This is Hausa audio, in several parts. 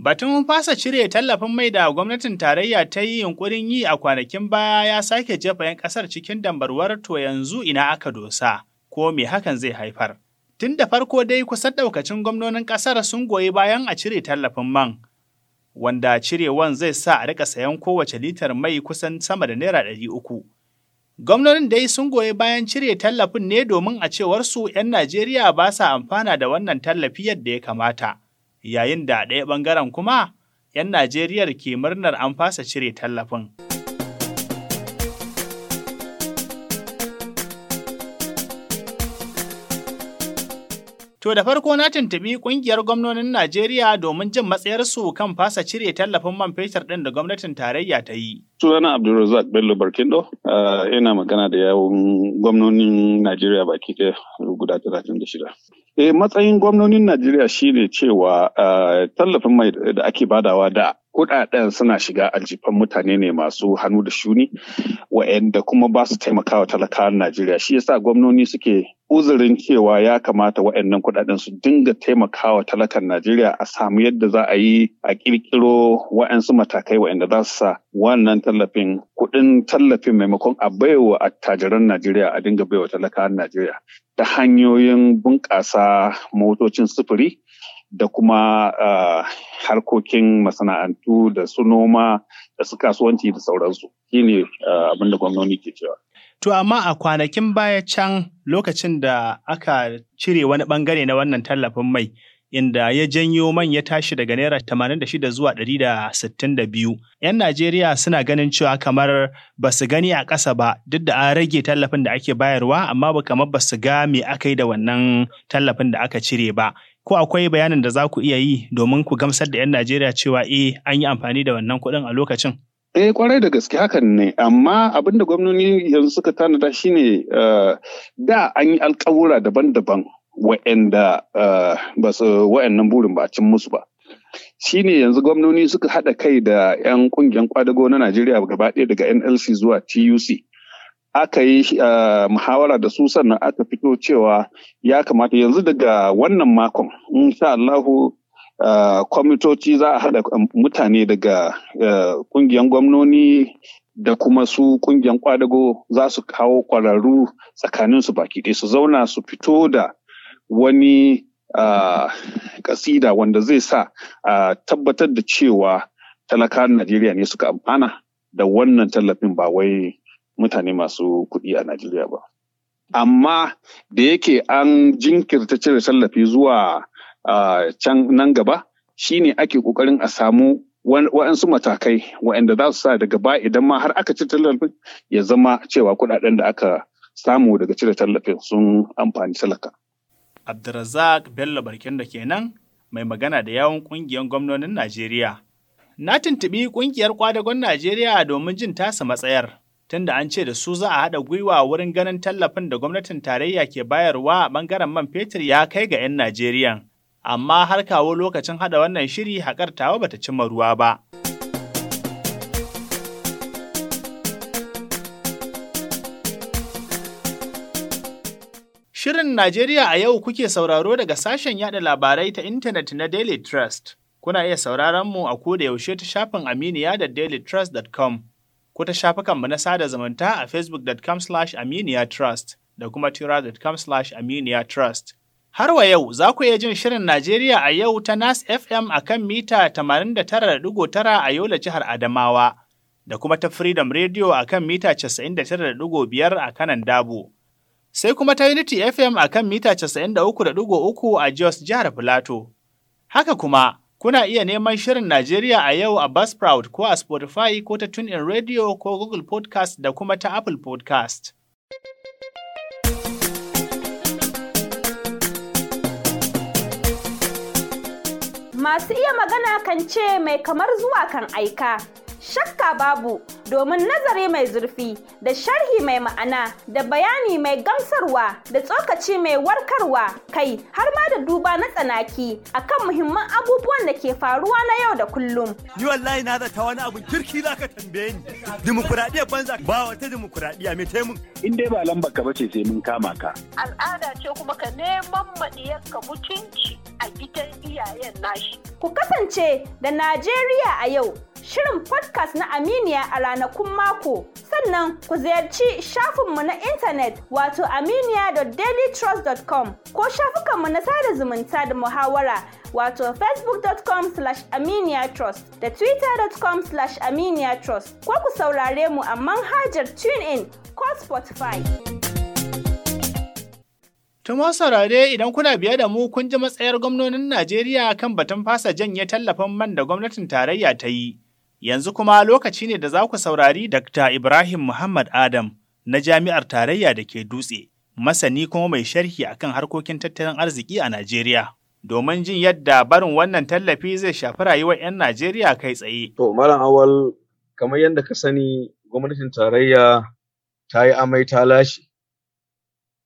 Batun fasa cire tallafin mai da gwamnatin tarayya ta yi yunkurin yi a kwanakin baya ya sake jefa 'yan kasar cikin dambarwar to yanzu ina aka dosa, ko me hakan zai haifar. Tun da farko dai kusan ɗaukacin gwamnonin ƙasar sun goyi bayan a cire tallafin man, wanda cirewan zai sa a rika sayan kowace litar mai kusan sama da naira ɗari uku. Gwamnonin dai sun goyi bayan cire tallafin ne domin a cewar su 'yan Najeriya ba sa amfana da wannan tallafi yadda ya kamata. yayin da a ɗaya ɓangaren kuma 'yan Najeriyar ke murnar an fasa cire tallafin. To da farko na tuntuɓi ƙungiyar gwamnonin Najeriya domin jin matsayarsu kan fasa cire tallafin man fetur ɗin da gwamnatin tarayya ta yi. Sunana Abdulrazak Bello Barkindo, eh, ina magana da yawun gwamnonin Najeriya baki ɗaya guda talatin da shida. E matsayin gwamnonin Najeriya shine cewa eh, tallafin mai da ake badawa da kudaden suna shiga aljifan mutane ne masu hannu da shuni wa'anda kuma ba su taimakawa talakawan Najeriya shi yasa gwamnoni suke uzurin cewa ya kamata wa'annan kudaden su dinga taimakawa talakan Najeriya a samu yadda za a yi a kirkiro wa'ansu matakai wa'anda za su sa wannan tallafin kuɗin tallafin maimakon a baiwa attajiran Najeriya a dinga baiwa talakawan Najeriya ta hanyoyin bunƙasa motocin sufuri da kuma ah, harkokin masana'antu da su noma da su kasuwanci da sauransu shine ah, abin da gwamnoni ke cewa. To amma a kwanakin baya can lokacin da aka cire wani bangare na wannan tallafin mai inda ya janyo man ya tashi daga naira 86 zuwa 162. 'Yan Najeriya suna ganin cewa kamar ba su gani a ƙasa ba duk da an rage tallafin da ake bayarwa amma ba kamar ba su ga me aka yi da wannan tallafin da aka cire ba. Ko akwai bayanin da za ku iya yi domin ku gamsar da 'yan Najeriya cewa eh an yi amfani da wannan kuɗin a lokacin? Eh kwarai da gaske hakan ne, amma abin da gwamnoni yanzu suka tanada shine eh, da an yi alkawura daban-daban wa'anda eh, ba su wa'annan burin ba a cin musu ba shi ne yanzu gwamnoni suka haɗa kai da 'yan ƙungiyar kwadago na najeriya gaba ɗaya daga nlc zuwa tuc aka yi eh, muhawara da su sannan aka fito cewa ya kamata yanzu daga wannan makon insha Allahu eh, kwamitoci za a haɗa um, mutane daga ƙungiyar gwamnoni da kuma su ƙungiyar kwadago za su kawo ƙwararru tsakaninsu baki ɗaya su zauna su fito da wani kasida wanda zai sa a tabbatar da cewa talakawan Najeriya ne suka amfana da wannan tallafin ba wai mutane masu kuɗi a Najeriya ba. Amma da yake an jinkirta cire tallafi zuwa can nan gaba shi ne ake ƙoƙarin a samu wa'ansu matakai wa'anda za su sa daga ba idan ma har aka cire tallafin ya zama cewa kuɗaɗen da aka samu daga cire tallafin sun amfani talaka. Abdulrazak Bello barkin ke kenan mai magana da yawon ƙungiyar gwamnonin Najeriya. Na tuntuɓi ƙungiyar kwadagon Najeriya domin jin tasa matsayar, tunda an ce da su za a haɗa gwiwa wurin ganin tallafin da gwamnatin tarayya ke bayarwa a ɓangaren man fetur ya kai ga 'yan Najeriya. Amma har kawo lokacin haɗa wannan shiri haƙar tawa bata cimma ruwa ba. Shirin Najeriya a yau kuke sauraro daga sashen yada labarai ta intanet na Daily Trust. Kuna iya sauraron mu a koda yaushe ta shafin Aminiya da dailytrust.com ko ta shafukanmu na sada zumunta a facebook.com aminiyatrust da kuma tura.com aminiyatrust. Har wa yau za ku iya jin Shirin Najeriya a yau ta Nas FM a kan mita 89.9 a Yola jihar Adamawa da kuma ta Freedom Radio a kan mita 99.5 a kanan Dabo. sai kuma ta Unity FM a kan mita 93.3 a Jos jihar Filato. Haka kuma, kuna iya neman shirin Najeriya a yau a Buzzsprout ko a Spotify ko ta TuneIn Radio ko Google Podcast da kuma ta Apple Podcast. Masu iya magana kan ce mai kamar zuwa kan aika. shakka babu domin nazari mai zurfi da sharhi mai ma'ana da bayani mai gamsarwa da tsokaci mai warkarwa kai har ma da duba na tsanaki akan muhimman abubuwan da ke faruwa na yau da kullum. Ni wallahi na zata wani abu. kirki za ka tambaye ni. Dimokuraɗiyar banza ba wata dimokuraɗiyya mai taimun. In dai ba lambar ka bace sai mun kama ka. Al'ada ce kuma ka neman maɗiyar ka mutunci a gidan iyayen nashi. Ku kasance da Najeriya a yau shirin podcast na Aminiya a ranakun mako. Sannan ku ziyarci shafinmu na intanet wato aminiya.dailytrust.com ko shafukanmu na sada zumunta da muhawara wato facebook.com slash aminiyatrust da twitter.com slash aminiyatrust ko ku saurare mu a manhajar in ko Spotify. Tuma saurare idan kuna biye da mu kun ji matsayar gwamnonin Najeriya kan batun fasa janye tallafin man da gwamnatin tarayya ta yi. Yanzu kuma lokaci ne da za ku saurari Dr. Ibrahim Muhammad Adam na Jami'ar Tarayya da ke Dutse, masani kuma mai sharhi akan harkokin tattalin arziki a Najeriya. Domin jin yadda barin wannan tallafi zai shafi rayuwar 'yan Najeriya kai tsaye. To, Malam Awal, kamar yadda ka sani, gwamnatin tarayya ta yi amai ta lashe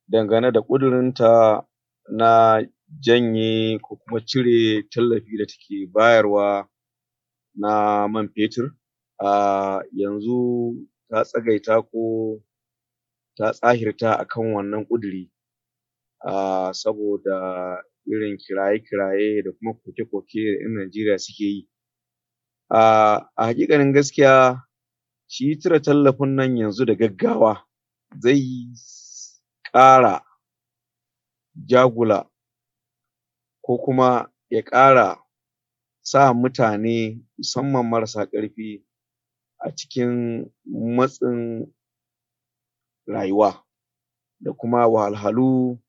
dangane da ƙudurinta na janye ko kuma cire tallafi da take bayarwa na man fetur a yanzu ta tsagaita ko ta tsahirta akan wannan ƙuduri a saboda irin kiraye-kiraye da kuma koke-koke da ƴan Najeriya suke yi a haƙiƙanin gaskiya shi cire tallafin nan yanzu da gaggawa zai ƙara jagula ko kuma ya ƙara sa mutane musamman marasa ƙarfi a cikin matsin rayuwa da kuma wahalhalu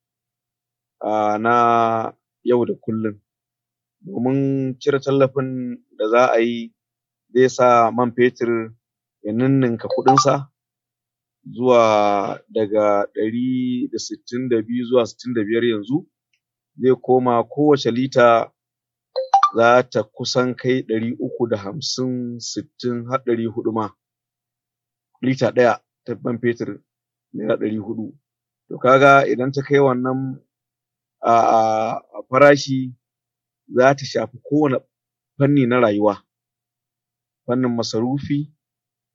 a na yau da kullum domin cire tallafin da za a yi zai sa man fetur ya ninninka kuɗinsa zuwa daga ɗari da sittin da biyu zuwa sittin da biyar yanzu zai koma kowace lita zata kusan kai ɗari uku da hamsin sittin har ɗari huɗu ma lita ɗaya ta ban fetur naira ɗari huɗu to kaga idan ta kai wannan a farashi zata shafi kowane fanni na rayuwa fannin masarufi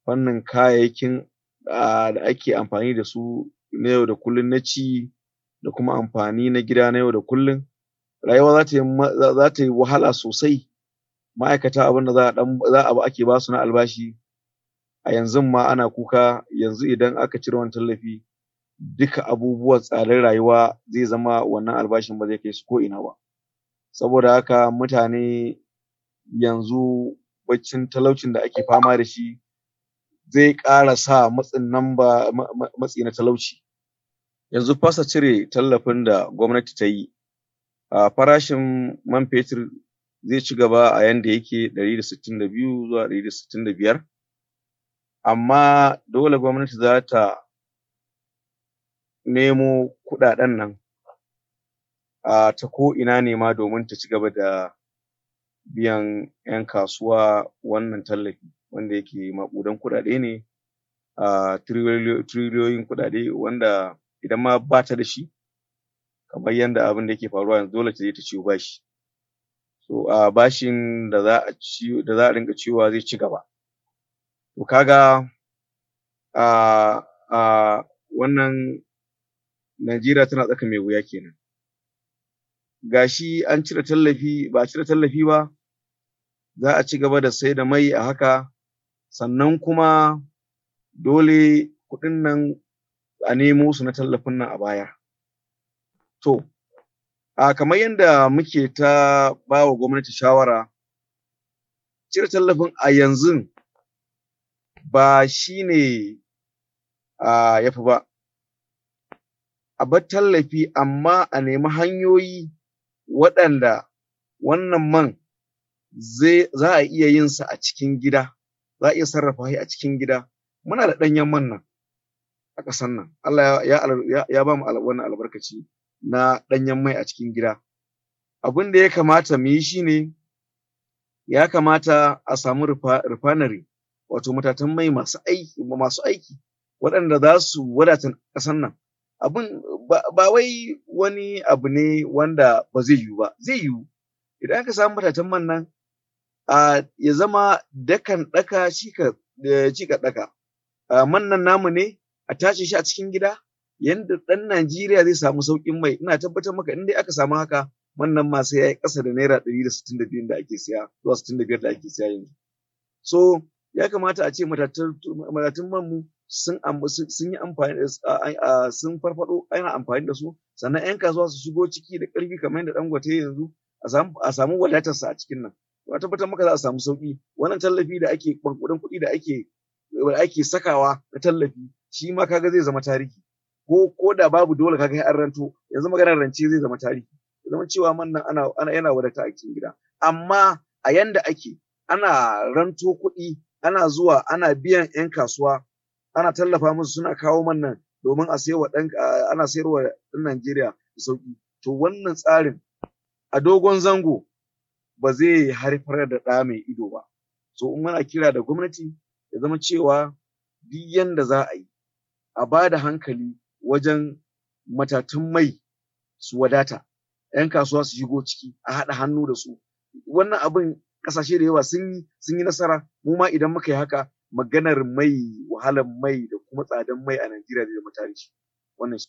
fannin kayayyakin da ake amfani da su na yau da kullum na ci da kuma amfani na gida na yau da kullum rayuwa za ta yi wahala sosai ma'aikata abin da za a ake ba su na albashi a yanzu ma ana kuka yanzu idan aka cire wani tallafi duka abubuwan tsadar rayuwa zai zama wannan albashin ba zai kai su ko ina ba saboda haka mutane yanzu baccin talaucin da ake fama da shi zai ƙara sa matsin namba matsi na talauci yanzu fasa cire tallafin da gwamnati ta yi farashin man fetur zai ci gaba a yanda yake ɗari da sittin da biyu zuwa ɗari da sittin da biyar amma dole gwamnati za ta nemo kuɗaɗen nan a ta ko'ina ne ma domin ta ci gaba da biyan 'yan kasuwa wannan tallafi wanda yake maƙudan kuɗaɗe ne a tiriliyoyin kuɗaɗe wanda idan ma ba ta da shi kamar yadda abin da yake faruwa yanzu dole zai ta ciwo bashi so a bashin da za a ci da za a rinka ciwa zai ci gaba to kaga a a wannan Najeriya tana tsaka mai wuya kenan gashi an cire tallafi ba a cire tallafi ba za a ci gaba da sai da mai a haka sannan kuma dole kuɗin nan a nemo su na tallafin nan a baya To, a kamar yadda muke ta ba wa gwamnati shawara, cire tallafin a yanzu ba shi ne ya fi ba. A bar tallafi amma a nemi hanyoyi waɗanda wannan man za a iya yin sa a cikin gida, za a iya sarrafa shi a cikin gida. Muna da ɗanyen man nan a ƙasar nan. Allah ya ba mu wannan albarkaci. na ɗanyen mai a cikin gida. Abin da ya kamata mu yi shi ne, ya kamata a samu refinery, wato matatan mai masu aiki, masu aiki waɗanda za su wadata ƙasar nan. Abin ba wai wani abu ne wanda ba zai yiwu ba, zai yiwu. Idan aka samu matatan man nan, ya zama dakan ɗaka shi ka eh, ɗaka. Man nan namu ne, a tace shi a cikin gida, yanda ɗan Najeriya zai samu sauƙin mai ina tabbatar maka in dai aka samu haka wannan ma sai yayi ƙasa da naira ɗari da sittin da biyun da ake siya zuwa sittin da biyar da ake siya yanzu. So ya kamata a ce matatun man mu sun yi amfani da sun farfado ana amfani da su sannan 'yan kasuwa su shigo ciki da ƙarfi kamar yadda gwate yanzu a samu wadatarsa a cikin nan. a tabbatar maka za a samu sauƙi wannan tallafi da ake kuɗin kuɗi da ake ake sakawa na tallafi shi ma kaga zai zama tarihi ko ko da babu dole kaga an ranto yanzu maganar rance zai zama tarihi zama cewa man nan ana ana yana wadata a cikin gida amma a yanda ake ana ranto kuɗi ana zuwa ana biyan 'yan kasuwa ana tallafa musu suna kawo man nan domin a sayarwa dan ana sayarwa ɗan Najeriya da sauƙi to wannan tsarin a dogon zango ba zai haifar da ɗa mai ido ba so in muna kira da gwamnati ya zama cewa duk yanda za a yi a ba da hankali wajen matatun mai su wadata 'yan kasuwa su shigo ciki a haɗa hannu da su wannan abin ƙasashe da yawa sun yi sun yi nasara mu ma idan muka yi haka maganar mai wahalar mai da kuma tsadan mai a Najeriya da mutane shi wannan shi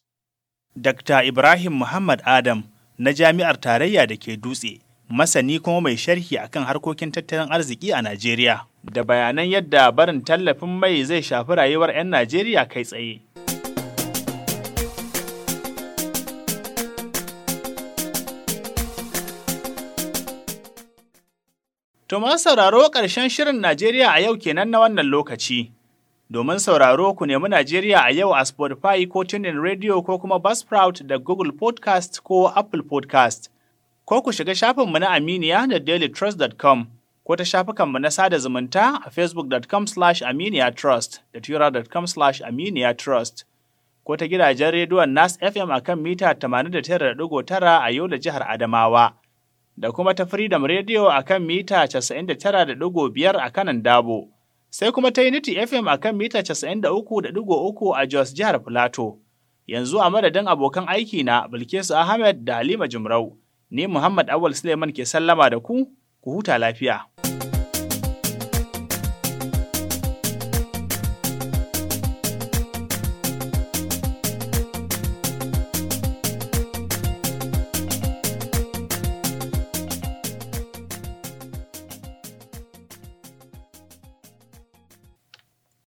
Dr. Ibrahim Muhammad Adam na Jami'ar Tarayya da ke Dutse masani kuma mai sharhi akan harkokin tattalin arziki a Najeriya da bayanan yadda barin tallafin mai zai shafi rayuwar 'yan Najeriya kai tsaye To masu sauraro ƙarshen shirin Najeriya a yau kenan na wannan lokaci. Domin sauraro ku nemi Najeriya a yau a Spotify ko TuneIn Radio ko kuma Buzzsprout da Google Podcast ko Apple Podcast. Ko ku shiga shafinmu na Aminiya da dailytrust.com ko ta shafukanmu na sada zumunta a facebook.com slash aminiyatrust da twitter.com aminiya aminiyatrust ko ta gidajen rediyon Nas FM a kan mita 89.9 a yau da jihar Adamawa. da kuma ta Freedom Radio a kan mita 99.5 a kanan Dabo, sai kuma ta Unity FM a kan mita 93.3 a Jos Jihar Filato. Yanzu a madadin abokan aiki na Bilkisu Ahmed da Halima Jumrau, ni Muhammad Awal Suleiman ke sallama da ku, ku huta lafiya.